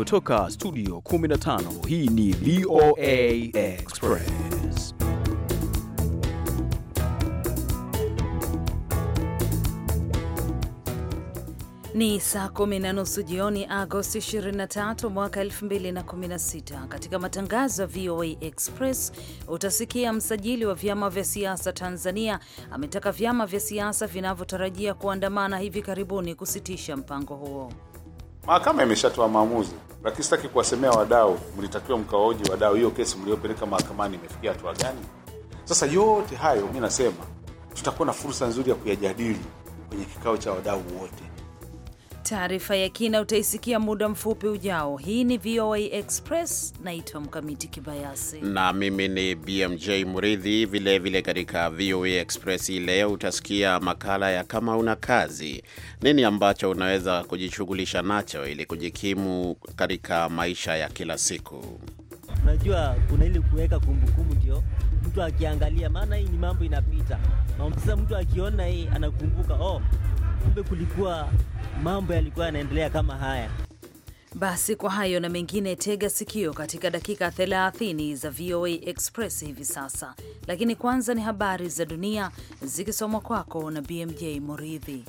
kutoka studio 15 hii ni VOA Express ni saa kumi na nusu jioni Agosti 23 mwaka 2016. Katika matangazo ya VOA Express utasikia msajili wa vyama vya siasa Tanzania ametaka vyama vya siasa vinavyotarajia kuandamana hivi karibuni kusitisha mpango huo. Mahakama imeshatoa maamuzi, lakini sitaki kuwasemea wadau. Mlitakiwa mkaoji wadau, hiyo kesi mliyopeleka mahakamani imefikia hatua gani? Sasa yote hayo mi nasema tutakuwa na fursa nzuri ya kuyajadili kwenye kikao cha wadau wote. Taarifa ya kina utaisikia muda mfupi ujao. Hii ni VOA Express, naitwa Mkamiti Kibayasi na mimi ni BMJ Muridhi. Vilevile katika VOA Express hii leo utasikia makala ya kama una kazi, nini ambacho unaweza kujishughulisha nacho ili kujikimu katika maisha ya kila siku. Unajua, kuna ili kuweka kumbukumbu, ndio mtu akiangalia, maana hii ni mambo inapita. Sasa mtu akiona hii anakumbuka, oh kumbe kulikuwa mambo yalikuwa yanaendelea kama haya. Basi kwa hayo na mengine, tega sikio katika dakika 30 za VOA Express hivi sasa, lakini kwanza ni habari za dunia zikisomwa kwako na BMJ Muridhi.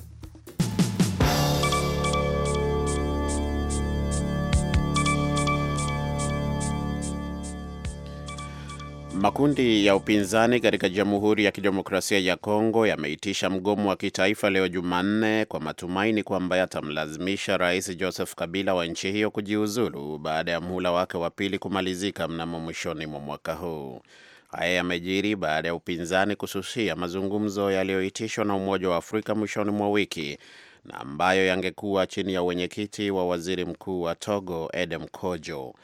Makundi ya upinzani katika Jamhuri ya Kidemokrasia ya Kongo yameitisha mgomo wa kitaifa leo Jumanne kwa matumaini kwamba yatamlazimisha Rais Joseph Kabila wa nchi hiyo kujiuzulu baada ya muhula wake wa pili kumalizika mnamo mwishoni mwa mwaka huu. Haya yamejiri baada ya upinzani kususia mazungumzo yaliyoitishwa na Umoja wa Afrika mwishoni mwa wiki na ambayo yangekuwa chini ya wenyekiti wa Waziri Mkuu wa Togo Edem Kojo.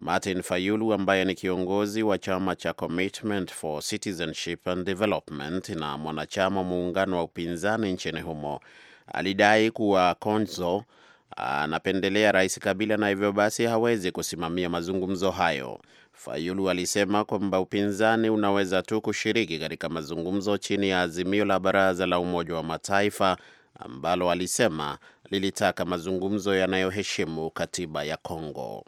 Martin Fayulu ambaye ni kiongozi wa chama cha Commitment for Citizenship and Development na mwanachama muungano wa upinzani nchini humo alidai kuwa Konzo anapendelea Rais Kabila na hivyo basi hawezi kusimamia mazungumzo hayo. Fayulu alisema kwamba upinzani unaweza tu kushiriki katika mazungumzo chini ya azimio la Baraza la Umoja wa Mataifa ambalo alisema lilitaka mazungumzo yanayoheshimu katiba ya Kongo.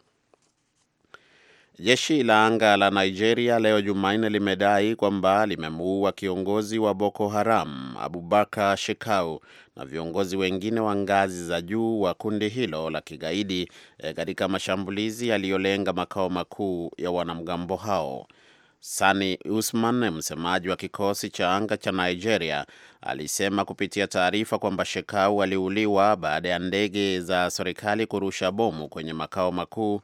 Jeshi la anga la Nigeria leo Jumanne limedai kwamba limemuua kiongozi wa Boko Haram Abubakar Shekau na viongozi wengine wa ngazi za juu wa kundi hilo la kigaidi eh, katika mashambulizi yaliyolenga makao makuu ya wanamgambo hao. Sani Usman, msemaji wa kikosi cha anga cha Nigeria, alisema kupitia taarifa kwamba Shekau aliuliwa baada ya ndege za serikali kurusha bomu kwenye makao makuu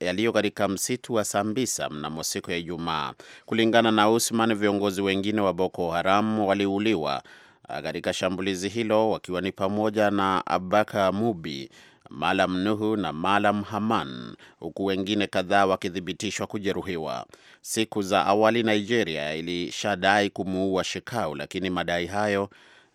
yaliyo ya katika msitu wa Sambisa mnamo siku ya Ijumaa. Kulingana na Usman, viongozi wengine wa Boko Haram waliuliwa ah, katika shambulizi hilo wakiwa ni pamoja na Abaka Mubi Malam Nuhu na Malam Haman, huku wengine kadhaa wakithibitishwa kujeruhiwa. Siku za awali Nigeria ilishadai kumuua Shekau, lakini madai hayo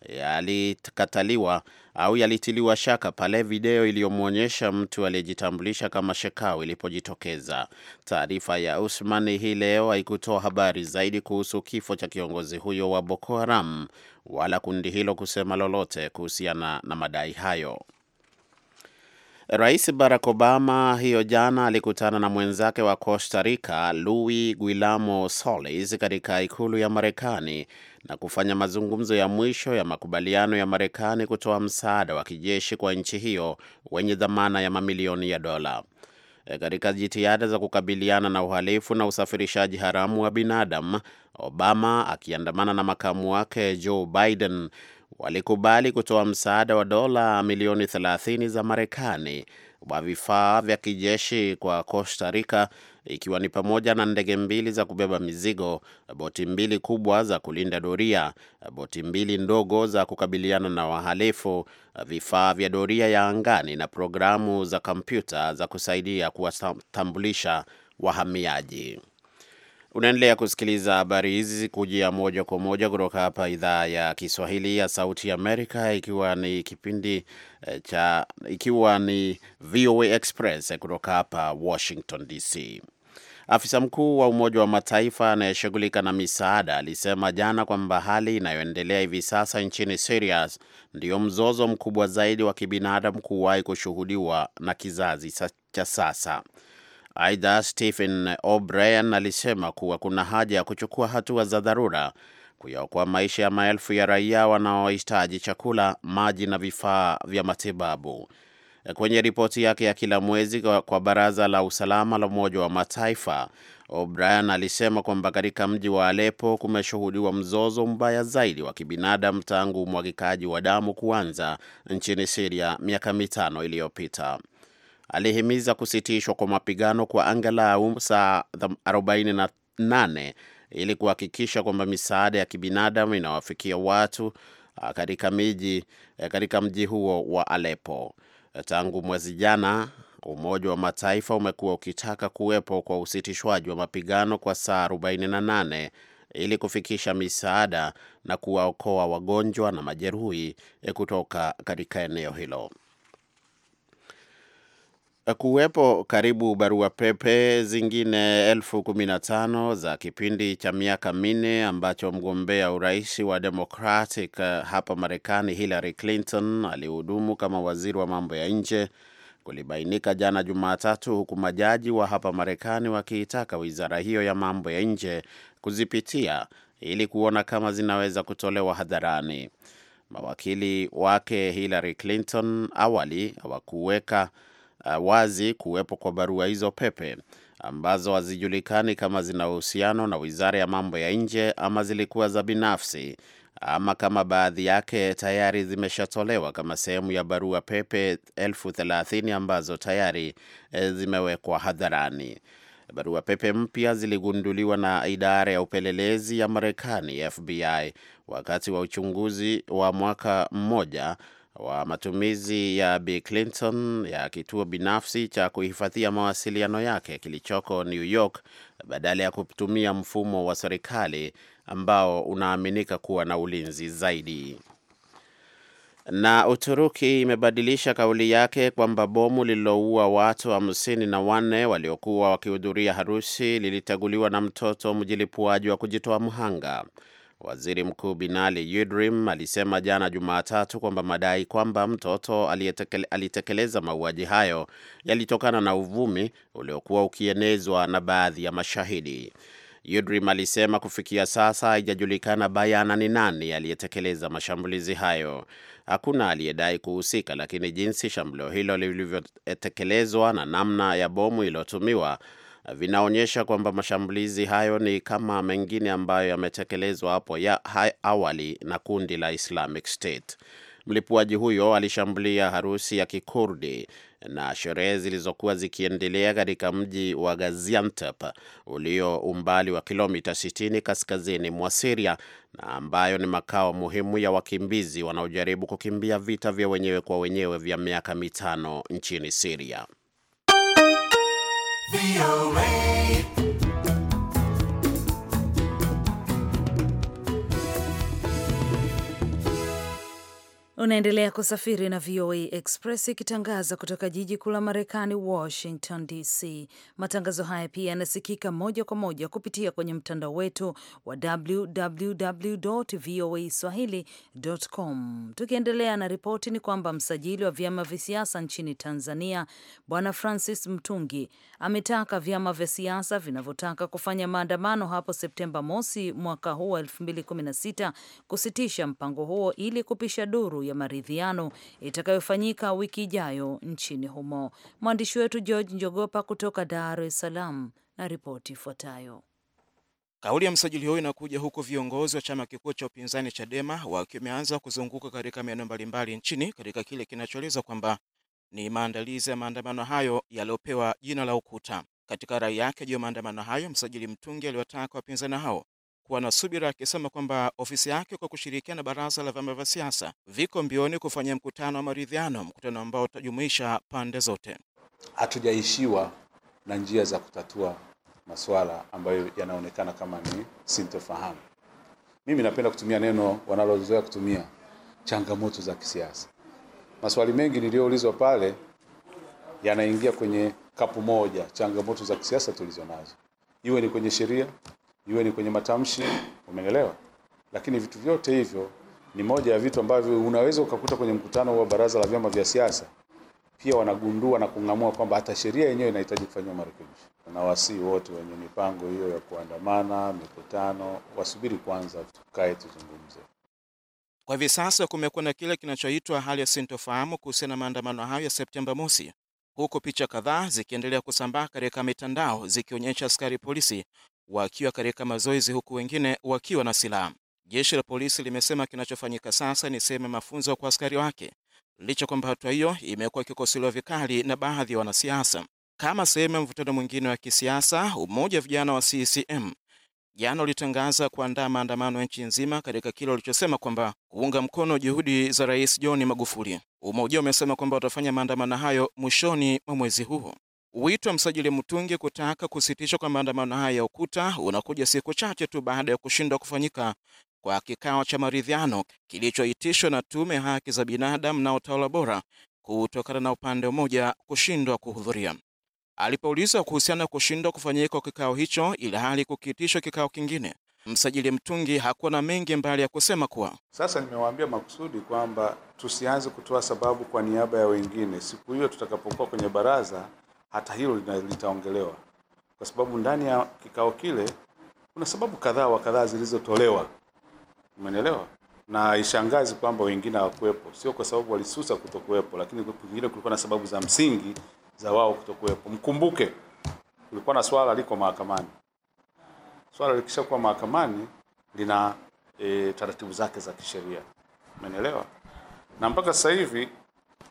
yalikataliwa au yalitiliwa shaka pale video iliyomwonyesha mtu aliyejitambulisha kama Shekau ilipojitokeza. Taarifa ya Usman hii leo haikutoa habari zaidi kuhusu kifo cha kiongozi huyo wa Boko Haram wala kundi hilo kusema lolote kuhusiana na madai hayo. Rais Barack Obama hiyo jana alikutana na mwenzake wa Costa Rica Luis Guillermo Solis katika ikulu ya Marekani na kufanya mazungumzo ya mwisho ya makubaliano ya Marekani kutoa msaada wa kijeshi kwa nchi hiyo wenye dhamana ya mamilioni ya dola e, katika jitihada za kukabiliana na uhalifu na usafirishaji haramu wa binadamu. Obama akiandamana na makamu wake Joe Biden walikubali kutoa msaada wa dola milioni 30 za Marekani wa vifaa vya kijeshi kwa Costa Rica ikiwa ni pamoja na ndege mbili za kubeba mizigo, boti mbili kubwa za kulinda doria, boti mbili ndogo za kukabiliana na wahalifu, vifaa vya doria ya angani na programu za kompyuta za kusaidia kuwatambulisha wahamiaji. Unaendelea kusikiliza habari hizi kujia moja kwa moja kutoka hapa idhaa ya Kiswahili ya Sauti Amerika, ikiwa ni kipindi eh, cha ikiwa ni VOA Express eh, kutoka hapa Washington DC. Afisa mkuu wa Umoja wa Mataifa anayeshughulika na misaada alisema jana kwamba hali inayoendelea hivi sasa nchini Syria ndiyo mzozo mkubwa zaidi wa kibinadamu kuwahi kushuhudiwa na kizazi cha sasa. Aidha, Stephen O'Brien alisema kuwa kuna haja ya kuchukua hatua za dharura kuyaokoa maisha ya maelfu ya raia wanaohitaji chakula, maji na vifaa vya matibabu. Kwenye ripoti yake ya kila mwezi kwa Baraza la Usalama la Umoja wa Mataifa, O'Brien alisema kwamba katika mji wa alepo kumeshuhudiwa mzozo mbaya zaidi wa kibinadamu tangu umwagikaji wa damu kuanza nchini siria miaka mitano iliyopita alihimiza kusitishwa kwa mapigano kwa angalau saa 48 ili kuhakikisha kwamba misaada ya kibinadamu inawafikia watu ah, katika miji eh, katika mji huo wa Aleppo. Tangu mwezi jana, Umoja wa Mataifa umekuwa ukitaka kuwepo kwa usitishwaji wa mapigano kwa saa 48 ili kufikisha misaada na kuwaokoa wagonjwa na majeruhi eh, kutoka katika eneo hilo. Eh, kuwepo karibu barua pepe zingine elfu kumi na tano za kipindi cha miaka minne ambacho mgombea urais wa Democratic eh, hapa Marekani Hillary Clinton alihudumu kama waziri wa mambo ya nje kulibainika jana Jumatatu, huku majaji wa hapa Marekani wakiitaka wizara hiyo ya mambo ya nje kuzipitia ili kuona kama zinaweza kutolewa hadharani. Mawakili wake Hillary Clinton awali hawakuweka uh, wazi kuwepo kwa barua hizo pepe ambazo hazijulikani kama zina uhusiano na Wizara ya Mambo ya Nje ama zilikuwa za binafsi ama kama baadhi yake tayari zimeshatolewa kama sehemu ya barua pepe elfu thelathini ambazo tayari eh, zimewekwa hadharani. Barua pepe mpya ziligunduliwa na idara ya upelelezi ya Marekani FBI wakati wa uchunguzi wa mwaka mmoja wa matumizi ya Bi Clinton ya kituo binafsi cha kuhifadhia mawasiliano yake kilichoko New York badala ya kutumia mfumo wa serikali ambao unaaminika kuwa na ulinzi zaidi. Na Uturuki imebadilisha kauli yake kwamba bomu lililoua watu hamsini na wanne waliokuwa wakihudhuria harusi lilitaguliwa na mtoto mjilipuaji wa kujitoa mhanga. Waziri Mkuu Binali Yildirim alisema jana Jumatatu kwamba madai kwamba mtoto alitekeleza mauaji hayo yalitokana na uvumi uliokuwa ukienezwa na baadhi ya mashahidi. Yildirim alisema kufikia sasa haijajulikana bayana ni nani aliyetekeleza mashambulizi hayo. Hakuna aliyedai kuhusika, lakini jinsi shambulio hilo lilivyotekelezwa na namna ya bomu iliyotumiwa vinaonyesha kwamba mashambulizi hayo ni kama mengine ambayo yametekelezwa hapo ya awali na kundi la Islamic State. Mlipuaji huyo alishambulia harusi ya Kikurdi na sherehe zilizokuwa zikiendelea katika mji wa Gaziantep ulio umbali wa kilomita 60 kaskazini mwa Siria na ambayo ni makao muhimu ya wakimbizi wanaojaribu kukimbia vita vya wenyewe kwa wenyewe vya miaka mitano nchini Siria. VOA Unaendelea kusafiri na VOA Express ikitangaza kutoka jiji kuu la Marekani, Washington DC. Matangazo haya pia yanasikika moja kwa moja kupitia kwenye mtandao wetu wa www voa swahili.com. Tukiendelea na ripoti, ni kwamba msajili wa vyama vya siasa nchini Tanzania Bwana Francis Mtungi ametaka vyama vya siasa vinavyotaka kufanya maandamano hapo Septemba mosi mwaka huu wa 2016 kusitisha mpango huo ili kupisha duru ya maridhiano itakayofanyika wiki ijayo nchini humo. Mwandishi wetu George Njogopa kutoka Dar es Salaam na ripoti ifuatayo. Kauli ya msajili huyo inakuja huku viongozi wa chama kikuu cha upinzani Chadema wakimeanza kuzunguka katika maeneo mbalimbali nchini katika kile kinachoeleza kwamba ni maandalizi ya maandamano hayo yaliyopewa jina la Ukuta. Katika rai yake juu ya maandamano hayo, msajili Mtungi aliwataka wapinzani hao kuwa na subira, akisema kwamba ofisi yake kwa kushirikiana na baraza la vyama vya siasa viko mbioni kufanya mkutano wa maridhiano, mkutano ambao utajumuisha pande zote. Hatujaishiwa na njia za kutatua masuala ambayo yanaonekana kama ni sintofahamu. Mimi napenda kutumia neno wanalozoea kutumia, changamoto za kisiasa. Maswali mengi niliyoulizwa pale yanaingia kwenye kapu moja, changamoto za kisiasa tulizonazo, iwe ni kwenye sheria, iwe ni kwenye matamshi, umeelewa? Lakini vitu vyote hivyo ni moja ya vitu ambavyo unaweza ukakuta kwenye mkutano wa baraza la vyama vya siasa, pia wanagundua na kung'amua kwamba hata sheria yenyewe inahitaji kufanyiwa marekebisho. Na wasii wote wenye mipango hiyo ya kuandamana, mikutano, wasubiri kwanza, tukae tuzungumze. Kwa hivi sasa kumekuwa na kile kinachoitwa hali ya sintofahamu kuhusiana na maandamano hayo ya Septemba mosi, huku picha kadhaa zikiendelea kusambaa katika mitandao zikionyesha askari polisi wakiwa katika mazoezi, huku wengine wakiwa na silaha. Jeshi la polisi limesema kinachofanyika sasa ni sehemu ya mafunzo kwa askari wake, licha kwamba hatua hiyo imekuwa ikikosolewa vikali na baadhi ya wanasiasa kama sehemu ya mvutano mwingine wa kisiasa. Umoja wa vijana wa CCM jana ulitangaza kuandaa maandamano ya nchi nzima katika kile walichosema kwamba kuunga mkono juhudi za Rais John Magufuli. Umoja umesema kwamba watafanya maandamano hayo mwishoni mwa mwezi huu. Wito wa msajili mtungi kutaka kusitishwa kwa maandamano haya ya ukuta unakuja siku chache tu baada ya kushindwa kufanyika kwa kikao cha maridhiano kilichoitishwa na tume ya haki za binadamu na utawala bora kutokana na upande mmoja kushindwa kuhudhuria. Alipoulizwa kuhusiana na kushindwa kufanyika kwa kikao hicho ili hali kukiitishwa kikao kingine, msajili Mtungi hakuwa na mengi mbali ya kusema kuwa sasa, nimewaambia makusudi kwamba tusianze kutoa sababu kwa niaba ya wengine. Siku hiyo tutakapokuwa kwenye baraza hata hilo litaongelewa, kwa sababu ndani ya kikao kile kuna sababu kadhaa wa kadhaa zilizotolewa, umenielewa? Na ishangazi kwamba wengine hawakuwepo, sio kwa sababu walisusa kutokuwepo, lakini kingine kulikuwa na sababu za msingi za wao kutokuwepo. Mkumbuke kulikuwa na swala liko mahakamani. Swala likishakuwa mahakamani lina e, taratibu zake za kisheria, umenielewa? Na mpaka sasa hivi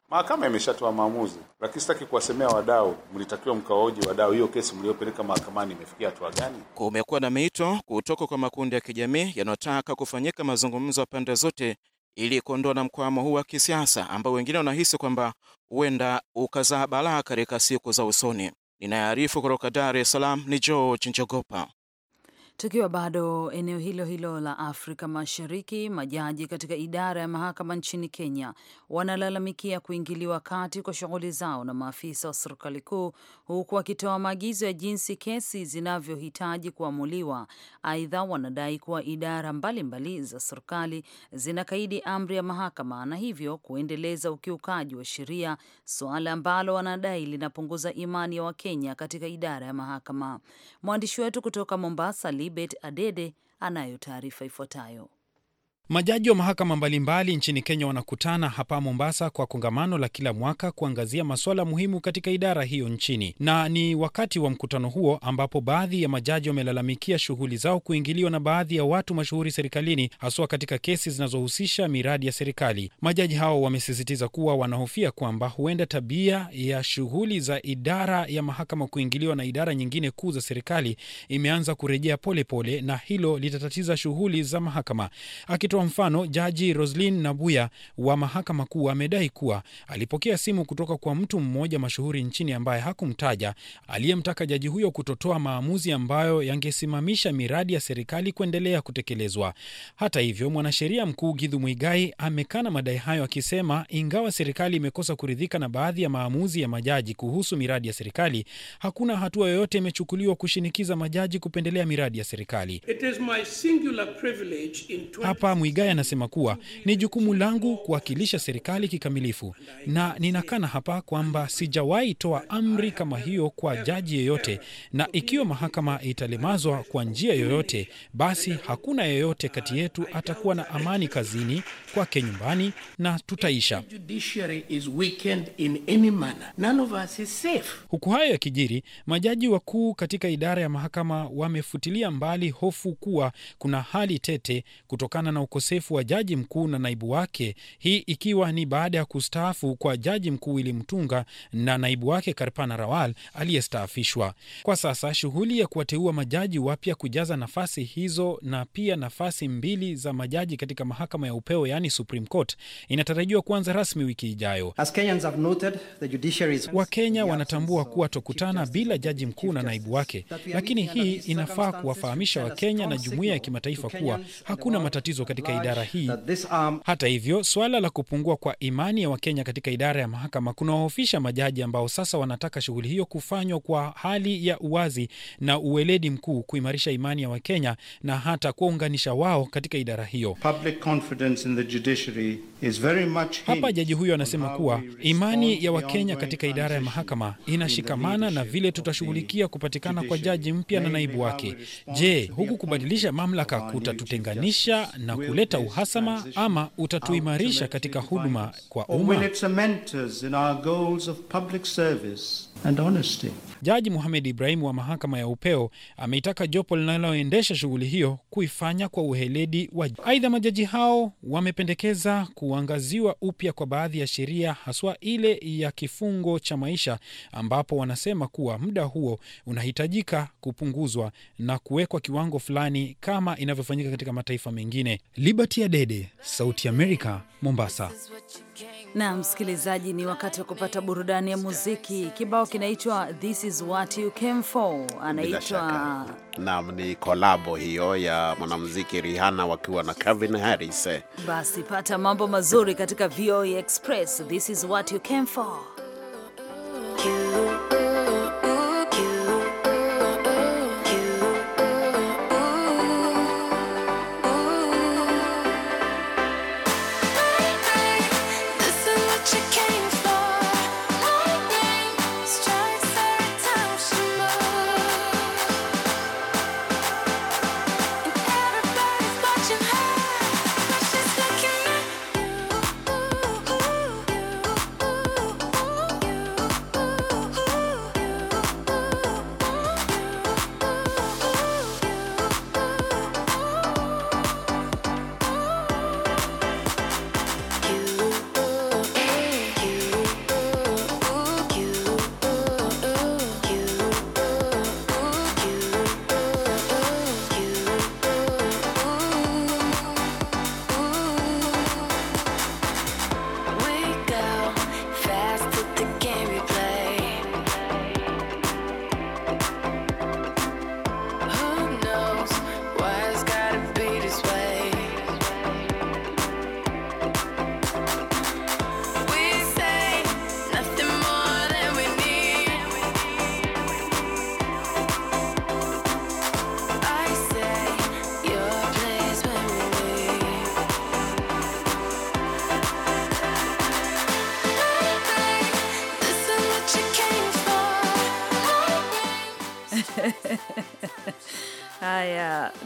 Mahakama imeshatoa maamuzi, lakini sitaki kuwasemea wadau. Mlitakiwa mkaoji wadau, hiyo kesi mliyopeleka mahakamani imefikia hatua gani? Kumekuwa na miito kutoka kwa makundi ya kijamii yanayotaka kufanyika mazungumzo ya pande zote ili kuondoa na mkwamo huu wa kisiasa ambao wengine wanahisi kwamba huenda ukazaa balaa katika siku za usoni. Ninayearifu kutoka Dar es Salaam ni George Njogopa. Tukiwa bado eneo hilo hilo la Afrika Mashariki, majaji katika idara ya mahakama nchini Kenya wanalalamikia kuingiliwa kati kwa shughuli zao na maafisa wa serikali kuu, huku wakitoa maagizo ya jinsi kesi zinavyohitaji kuamuliwa. Aidha, wanadai kuwa idara mbalimbali mbali za serikali zinakaidi amri ya mahakama na hivyo kuendeleza ukiukaji wa sheria, suala ambalo wanadai linapunguza imani ya Wakenya katika idara ya mahakama. Mwandishi wetu kutoka Mombasa Libet Adede anayo taarifa ifuatayo. Majaji wa mahakama mbalimbali nchini Kenya wanakutana hapa Mombasa kwa kongamano la kila mwaka kuangazia masuala muhimu katika idara hiyo nchini, na ni wakati wa mkutano huo ambapo baadhi ya majaji wamelalamikia shughuli zao kuingiliwa na baadhi ya watu mashuhuri serikalini, haswa katika kesi zinazohusisha miradi ya serikali. Majaji hao wamesisitiza kuwa wanahofia kwamba huenda tabia ya shughuli za idara ya mahakama kuingiliwa na idara nyingine kuu za serikali imeanza kurejea polepole, na hilo litatatiza shughuli za mahakama Akitua kutoa mfano, Jaji Roslin Nabuya wa mahakama kuu amedai kuwa alipokea simu kutoka kwa mtu mmoja mashuhuri nchini ambaye hakumtaja, aliyemtaka jaji huyo kutotoa maamuzi ambayo yangesimamisha miradi ya serikali kuendelea kutekelezwa. Hata hivyo, mwanasheria mkuu gidhu mwigai amekana madai hayo akisema ingawa serikali imekosa kuridhika na baadhi ya maamuzi ya majaji kuhusu miradi ya serikali, hakuna hatua yoyote imechukuliwa kushinikiza majaji kupendelea miradi ya serikali. 20... hapa Muigai anasema kuwa ni jukumu langu kuwakilisha serikali kikamilifu, na ninakana hapa kwamba sijawahi toa amri kama hiyo kwa jaji yeyote, na ikiwa mahakama italemazwa kwa njia yoyote, basi hakuna yeyote kati yetu atakuwa na amani kazini, kwake nyumbani, na tutaisha. Huku hayo yakijiri, majaji wakuu katika idara ya mahakama wamefutilia mbali hofu kuwa kuna hali tete kutokana na uko ukosefu wa jaji mkuu na naibu wake, hii ikiwa ni baada ya kustaafu kwa jaji mkuu Willy Mutunga na naibu wake Karpana Rawal aliyestaafishwa. Kwa sasa shughuli ya kuwateua majaji wapya kujaza nafasi hizo na pia nafasi mbili za majaji katika mahakama ya upeo yani Supreme Court inatarajiwa kuanza rasmi wiki ijayo. Wakenya wanatambua kuwa tokutana bila jaji mkuu na naibu wake, lakini hii inafaa kuwafahamisha Wakenya na jumuiya ya kimataifa kuwa hakuna matatizo katika katika idara hii. Hata hivyo, suala la kupungua kwa imani ya Wakenya katika idara ya mahakama kunawahofisha majaji ambao sasa wanataka shughuli hiyo kufanywa kwa hali ya uwazi na uweledi mkuu, kuimarisha imani ya Wakenya na hata kuwaunganisha wao katika idara hiyo. Hapa jaji huyo anasema kuwa imani ya Wakenya katika idara ya mahakama inashikamana na vile tutashughulikia kupatikana kwa jaji mpya na naibu wake. Je, huku kubadilisha mamlaka kutatutenganisha na kuleta uhasama ama utatuimarisha katika huduma kwa umma? and honesty. Jaji muhamed Ibrahimu wa mahakama ya upeo ameitaka jopo linaloendesha shughuli hiyo kuifanya kwa uheledi wa. Aidha, majaji hao wamependekeza kuangaziwa upya kwa baadhi ya sheria, haswa ile ya kifungo cha maisha, ambapo wanasema kuwa muda huo unahitajika kupunguzwa na kuwekwa kiwango fulani kama inavyofanyika katika mataifa mengine. Liberty Adede, Sauti ya Amerika, Mombasa. Na msikilizaji, ni wakati wa kupata burudani ya muziki. Kibao kinaitwa This is what you came for, anaitwa nam. Ni kolabo hiyo ya mwanamuziki Rihanna wakiwa na Calvin Harris. Basi pata mambo mazuri katika VOA e Express. This is what you came for.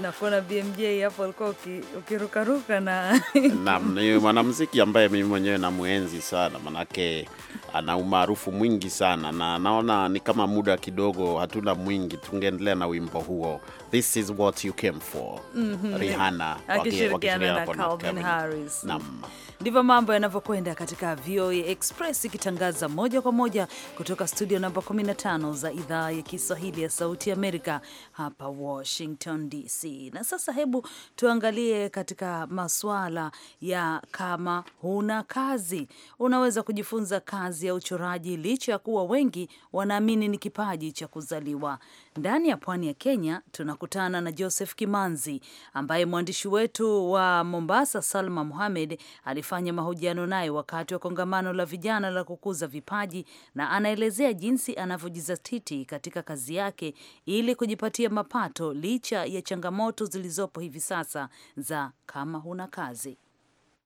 nakuona BMJ hapo alikuwa ukirukaruka na naam, ni mwanamuziki ambaye mimi mwenyewe namuenzi sana, manake ana umaarufu mwingi sana, na naona ni kama muda kidogo hatuna mwingi, tungeendelea na wimbo huo This is what you came for, mm -hmm. Rihanna akishirikiana na Calvin Harris. Naam. Ndivyo mambo yanavyokwenda katika VOA Express ikitangaza moja kwa moja kutoka studio namba 15 za idhaa ya Kiswahili ya Sauti Amerika hapa Washington DC. Na sasa hebu tuangalie katika masuala ya kama huna kazi, unaweza kujifunza kazi ya uchoraji licha ya kuwa wengi wanaamini ni kipaji cha kuzaliwa. Ndani ya pwani ya Kenya tunakutana na Joseph Kimanzi ambaye mwandishi wetu wa Mombasa Salma muhamed alifanya mahojiano naye wakati wa kongamano la vijana la kukuza vipaji, na anaelezea jinsi anavyojizatiti katika kazi yake ili kujipatia mapato licha ya changamoto zilizopo hivi sasa za kama huna kazi.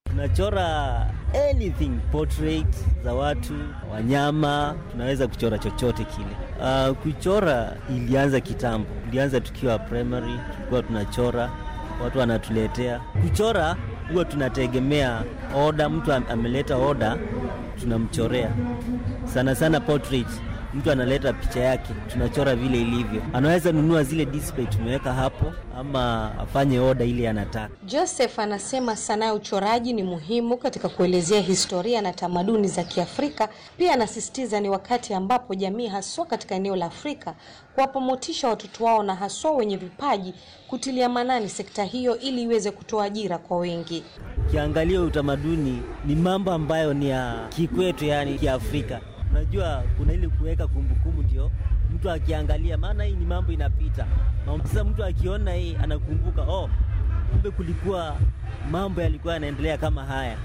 Tunachora anything portrait za watu, wanyama, tunaweza kuchora chochote kile. Uh, kuchora ilianza kitambo, ilianza tukiwa primary, tulikuwa tunachora, watu wanatuletea kuchora. Huwa tunategemea oda, mtu ameleta oda, tunamchorea sana sana portrait mtu analeta picha yake, tunachora vile ilivyo. Anaweza nunua zile display tumeweka hapo, ama afanye oda ile anataka. Joseph anasema sanaa ya uchoraji ni muhimu katika kuelezea historia na tamaduni za Kiafrika. Pia anasisitiza ni wakati ambapo jamii haswa katika eneo la Afrika kuwapa motisha watoto wao na haswa wenye vipaji kutilia manani sekta hiyo ili iweze kutoa ajira kwa wengi. Ukiangalia utamaduni ni mambo ambayo ni ya kikwetu, yani Kiafrika unajua kuna ile kuweka kumbukumbu, ndio mtu akiangalia, maana hii ni mambo inapita. Sasa mtu akiona hii anakumbuka, oh, kumbe kulikuwa mambo yalikuwa yanaendelea kama haya,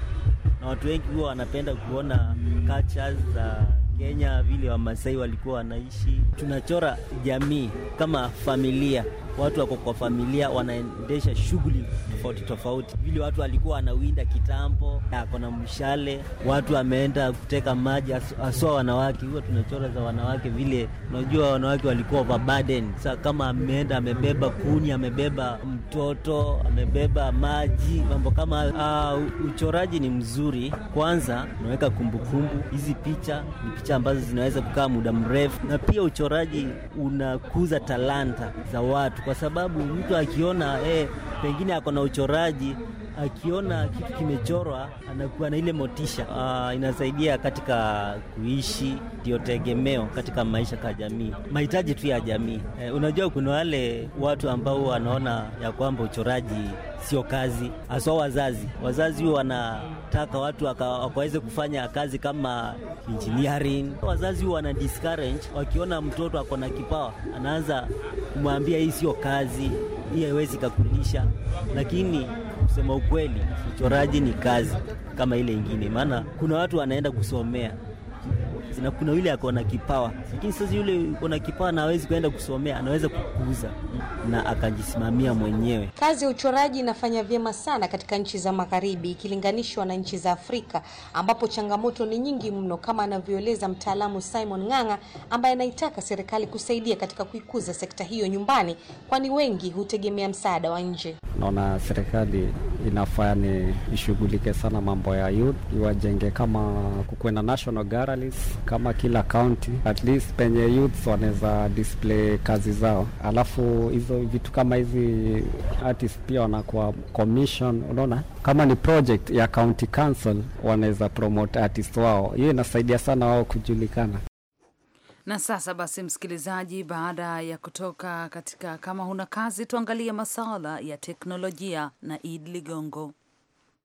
na watu wengi huwa wanapenda kuona cultures za Kenya, vile Wamasai walikuwa wanaishi. Tunachora jamii kama familia watu wako kwa familia wanaendesha shughuli tofauti tofauti. Vile watu walikuwa wanawinda kitambo, ako na mshale, watu wameenda kuteka maji, haswa wanawake. Huwa tunachora za wanawake, vile unajua wanawake walikuwa overburden. Sasa kama ameenda amebeba kuni, amebeba mtoto, amebeba maji, mambo kama uh, uchoraji ni mzuri. Kwanza unaweka kumbukumbu hizi picha, ni picha ambazo zinaweza kukaa muda mrefu, na pia uchoraji unakuza talanta za watu kwa sababu mtu akiona eh, pengine ako na uchoraji akiona kitu kimechorwa anakuwa na ile motisha. Uh, inasaidia katika kuishi, ndio tegemeo katika maisha ka jamii, mahitaji tu ya jamii. Eh, unajua kuna wale watu ambao wanaona ya kwamba uchoraji sio kazi, haswa wazazi. Wazazi huwa wanataka watu wakaweze kufanya kazi kama engineering. Wazazi huwa wana discourage wakiona mtoto ako na kipawa, anaanza kumwambia hii sio kazi, hii haiwezi kakulisha, lakini Kusema ukweli, uchoraji ni kazi kama ile ingine, maana kuna watu wanaenda kusomea na kuna yule ako na kipawa, lakini sasa yule ako na kipawa na hawezi kwenda kusomea, anaweza kukuza na akajisimamia mwenyewe. Kazi ya uchoraji inafanya vyema sana katika nchi za magharibi ikilinganishwa na nchi za Afrika ambapo changamoto ni nyingi mno, kama anavyoeleza mtaalamu Simon Ng'ang'a ambaye anaitaka serikali kusaidia katika kuikuza sekta hiyo nyumbani, kwani wengi hutegemea msaada wa nje. Naona serikali inafaa ni ishughulike sana mambo ya youth, iwajenge kama kukwenda national galleries kama kila kaunti at least penye youths wanaweza display kazi zao, alafu hizo vitu kama hizi artist pia wanakuwa commission, unaona kama ni project ya county council wanaweza promote artist wao. Hiyo inasaidia sana wao kujulikana. Na sasa basi, msikilizaji, baada ya kutoka katika kama huna kazi, tuangalie masuala ya teknolojia na Id Ligongo.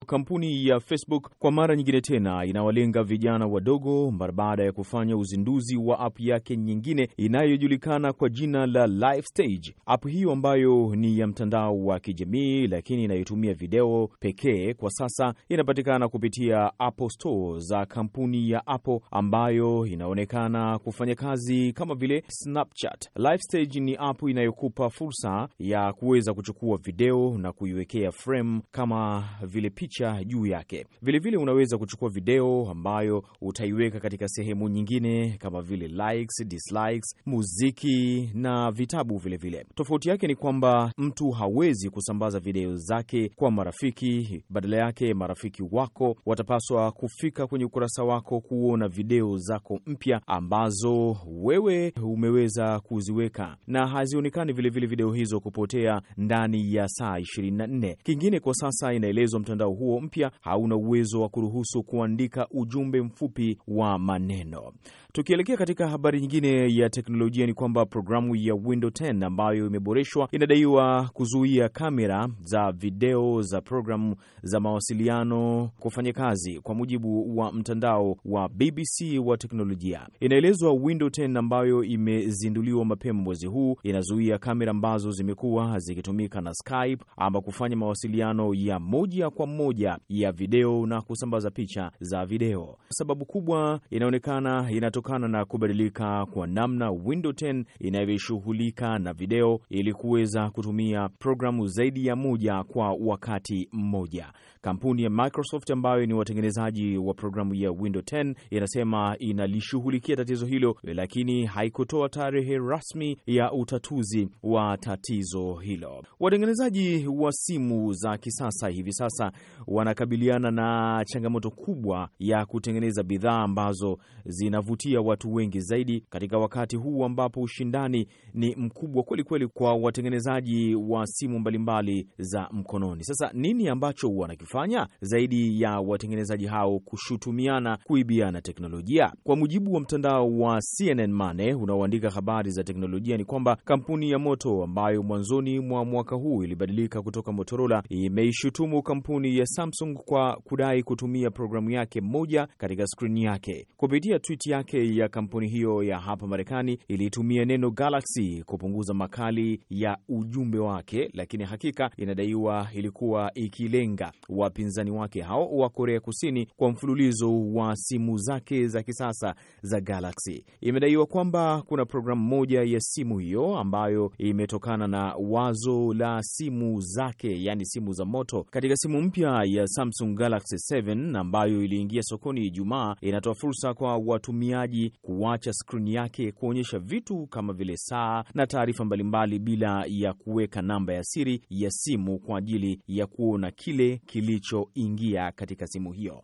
Kampuni ya Facebook kwa mara nyingine tena inawalenga vijana wadogo mara baada ya kufanya uzinduzi wa app yake nyingine inayojulikana kwa jina la Live Stage. App hiyo ambayo ni ya mtandao wa kijamii lakini inayotumia video pekee, kwa sasa inapatikana kupitia Apple Store za kampuni ya Apple ambayo inaonekana kufanya kazi kama vile Snapchat. Live Stage ni app inayokupa fursa ya kuweza kuchukua video na kuiwekea frame kama vile picha juu yake. Vilevile vile unaweza kuchukua video ambayo utaiweka katika sehemu nyingine kama vile likes, dislikes, muziki na vitabu vilevile vile. Tofauti yake ni kwamba mtu hawezi kusambaza video zake kwa marafiki. Badala yake marafiki wako watapaswa kufika kwenye ukurasa wako kuona video zako mpya ambazo wewe umeweza kuziweka, na hazionekani vilevile video hizo kupotea ndani ya saa 24. Kingine kwa sasa inaelezwa mtandao huo mpya hauna uwezo wa kuruhusu kuandika ujumbe mfupi wa maneno. Tukielekea katika habari nyingine ya teknolojia ni kwamba programu ya Windows 10 ambayo imeboreshwa inadaiwa kuzuia kamera za video za programu za mawasiliano kufanya kazi, kwa mujibu wa mtandao wa BBC wa teknolojia. Inaelezwa Windows 10 ambayo imezinduliwa mapema mwezi huu inazuia kamera ambazo zimekuwa zikitumika na Skype ama kufanya mawasiliano ya moja kwa moja ya video na kusambaza picha za video. Sababu kubwa inaonekana ina kutokana na kubadilika kwa namna Windows 10 inavyoshughulika na video ili kuweza kutumia programu zaidi ya moja kwa wakati mmoja. Kampuni ya Microsoft ambayo ni watengenezaji wa programu ya Windows 10 inasema inalishughulikia tatizo hilo, lakini haikutoa tarehe rasmi ya utatuzi wa tatizo hilo. Watengenezaji wa simu za kisasa hivi sasa wanakabiliana na changamoto kubwa ya kutengeneza bidhaa ambazo zinavutia watu wengi zaidi katika wakati huu ambapo ushindani ni mkubwa kwelikweli kwa watengenezaji wa simu mbalimbali za mkononi. Sasa nini ambacho wanakifanya? kufanya zaidi ya watengenezaji hao kushutumiana kuibiana teknolojia. Kwa mujibu wa mtandao wa CNN Money unaoandika habari za teknolojia, ni kwamba kampuni ya Moto ambayo mwanzoni mwa mwaka huu ilibadilika kutoka Motorola imeishutumu kampuni ya Samsung kwa kudai kutumia programu yake moja katika skrini yake. Kupitia tweet yake ya kampuni hiyo ya hapa Marekani ilitumia neno Galaxy kupunguza makali ya ujumbe wake, lakini hakika inadaiwa ilikuwa ikilenga wa wapinzani wake hao wa Korea Kusini kwa mfululizo wa simu zake za kisasa za Galaxy. Imedaiwa kwamba kuna programu moja ya simu hiyo ambayo imetokana na wazo la simu zake, yani simu za moto. Katika simu mpya ya Samsung Galaxy 7 ambayo iliingia sokoni Ijumaa, inatoa fursa kwa watumiaji kuacha skrini yake kuonyesha vitu kama vile saa na taarifa mbalimbali bila ya kuweka namba ya siri ya simu kwa ajili ya kuona kile kile kilichoingia katika simu hiyo.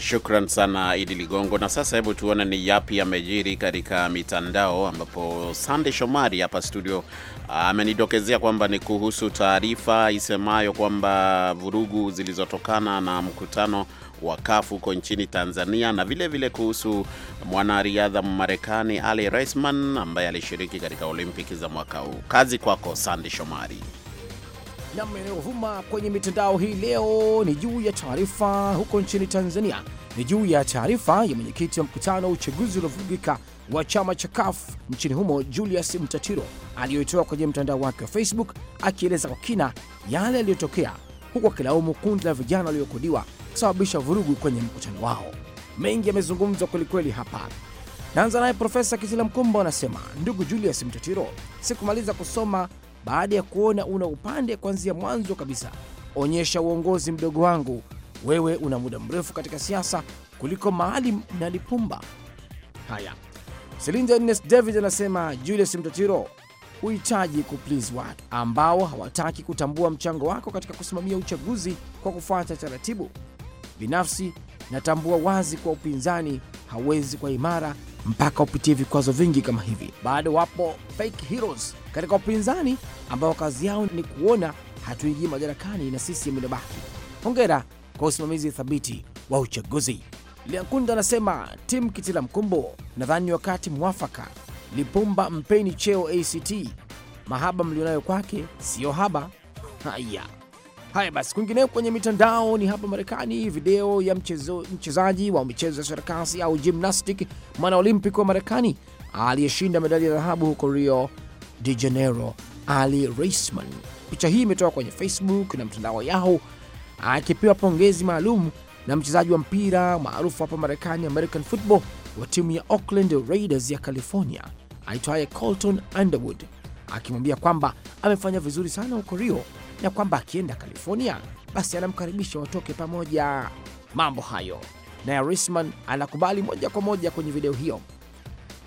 Shukran sana Idi Ligongo. Na sasa hebu tuone ni yapi yamejiri katika mitandao, ambapo Sande Shomari hapa studio ah, amenidokezea kwamba ni kuhusu taarifa isemayo kwamba vurugu zilizotokana na mkutano wakafu huko nchini Tanzania na vilevile vile kuhusu mwanariadha Mmarekani Ali Reisman ambaye alishiriki katika Olimpiki za mwaka huu. Kazi kwako Sande Shomari. Nam yanayovuma kwenye mitandao hii leo ni juu ya taarifa huko nchini Tanzania, ni juu ya taarifa ya mwenyekiti wa mkutano wa uchaguzi uliovurugika wa chama cha CUF nchini humo Julius Mtatiro aliyoitoa kwenye mtandao wake wa Facebook akieleza kwa kina yale yaliyotokea, huku akilaumu kundi la vijana waliokodiwa kusababisha vurugu kwenye mkutano wao. Mengi yamezungumzwa kwelikweli hapa. Naanza naye Profesa Kitila Mkumbo anasema, ndugu Julius Mtatiro, sikumaliza kusoma baada ya kuona una upande kuanzia mwanzo kabisa. Onyesha uongozi, mdogo wangu. Wewe una muda mrefu katika siasa kuliko Maalim na Lipumba. Haya, Selinda Ernest David anasema, Julius Mtatiro, huhitaji kuplease watu ambao hawataki kutambua mchango wako katika kusimamia uchaguzi kwa kufuata taratibu. Binafsi natambua wazi kuwa upinzani hawezi kwa imara mpaka upitie vikwazo vingi kama hivi. Bado wapo fake heroes katika upinzani ambao kazi yao ni kuona hatuingii madarakani na sisi mnabaki. Hongera kwa usimamizi thabiti wa uchaguzi. Liankunda anasema Tim Kitila Mkumbo, nadhani wakati mwafaka. Lipumba, mpeni cheo ACT, mahaba mlionayo kwake siyo haba. Haya. Haya basi, kwingineko kwenye mitandao ni hapa Marekani. Video ya mchezo, mchezaji wa michezo ya sarakasi au gymnastic mwanaolimpiki wa Marekani aliyeshinda medali ya dhahabu huko Rio de Janeiro, Ali Raisman. Picha hii imetoka kwenye Facebook na mtandao wa Yahoo akipewa pongezi maalum na mchezaji wa mpira maarufu hapa Marekani, American football wa timu ya Oakland Raiders ya California aitwaye Colton Underwood, akimwambia kwamba amefanya vizuri sana huko Rio na kwamba akienda California basi anamkaribisha watoke pamoja. Mambo hayo naye Risman anakubali moja kwa moja kwenye video hiyo.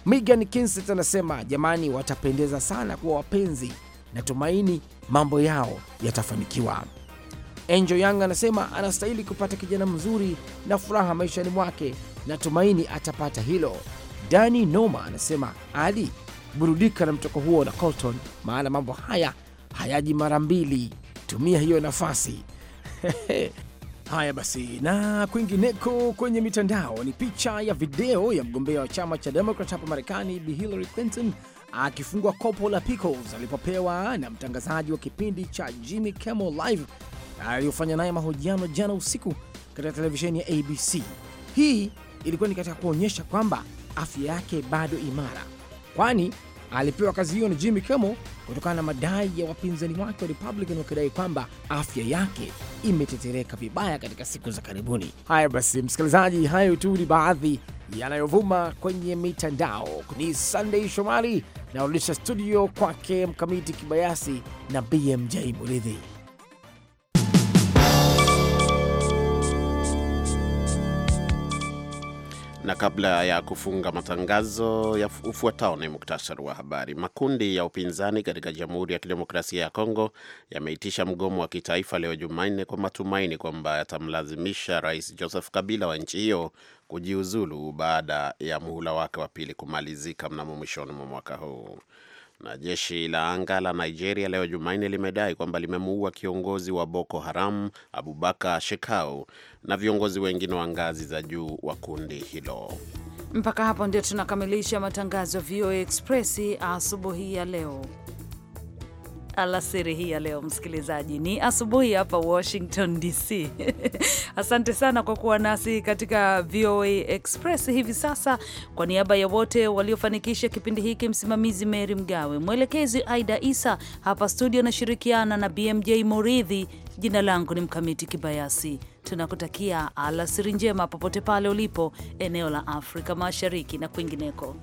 Megan Kinsett anasema jamani, watapendeza sana kuwa wapenzi, natumaini mambo yao yatafanikiwa. Angel Yang anasema anastahili kupata kijana mzuri na furaha maishani mwake, natumaini atapata hilo. Dani Noma anasema, Ali burudika na mtoko huo na Colton, maana mambo haya hayaji mara mbili. Tumia hiyo nafasi. Haya basi, na kwingineko kwenye mitandao ni picha ya video ya mgombea wa chama cha Demokrat hapa Marekani, Bi Hillary Clinton akifungwa kopo la pickles alipopewa na mtangazaji wa kipindi cha Jimmy Kimmel Live aliyofanya naye mahojiano jana usiku katika televisheni ya ABC. Hii ilikuwa ni katika kuonyesha kwamba afya yake bado imara, kwani Alipewa kazi hiyo na Jimmy Kimmel kutokana na madai ya wapinzani wake wa Republican wakidai kwamba afya yake imetetereka vibaya katika siku za karibuni. Haya basi, msikilizaji, hayo tu ni baadhi yanayovuma kwenye mitandao. Ni Sunday Shomari, narudisha studio kwake Mkamiti Kibayasi na BMJ Muridhi. na kabla ya kufunga matangazo ya ufuatao ni muktasari wa habari. Makundi ya upinzani katika Jamhuri ya Kidemokrasia ya Kongo yameitisha mgomo wa kitaifa leo Jumanne kwa matumaini kwamba yatamlazimisha Rais Joseph Kabila wa nchi hiyo kujiuzulu baada ya muhula wake wa pili kumalizika mnamo mwishoni mwa mwaka huu. Na jeshi la anga la Nigeria leo Jumanne limedai kwamba limemuua kiongozi wa Boko Haram Abubakar Shekau na viongozi wengine wa ngazi za juu wa kundi hilo. Mpaka hapo ndio tunakamilisha matangazo ya VOA Express asubuhi ya leo alasiri hii ya leo, msikilizaji. Ni asubuhi hapa Washington DC. Asante sana kwa kuwa nasi katika VOA Express hivi sasa. Kwa niaba ya wote waliofanikisha kipindi hiki, msimamizi Mary Mgawe, mwelekezi Aida Isa, hapa studio anashirikiana na BMJ Moridhi. Jina langu ni Mkamiti Kibayasi. Tunakutakia alasiri njema popote pale ulipo eneo la Afrika Mashariki na kwingineko.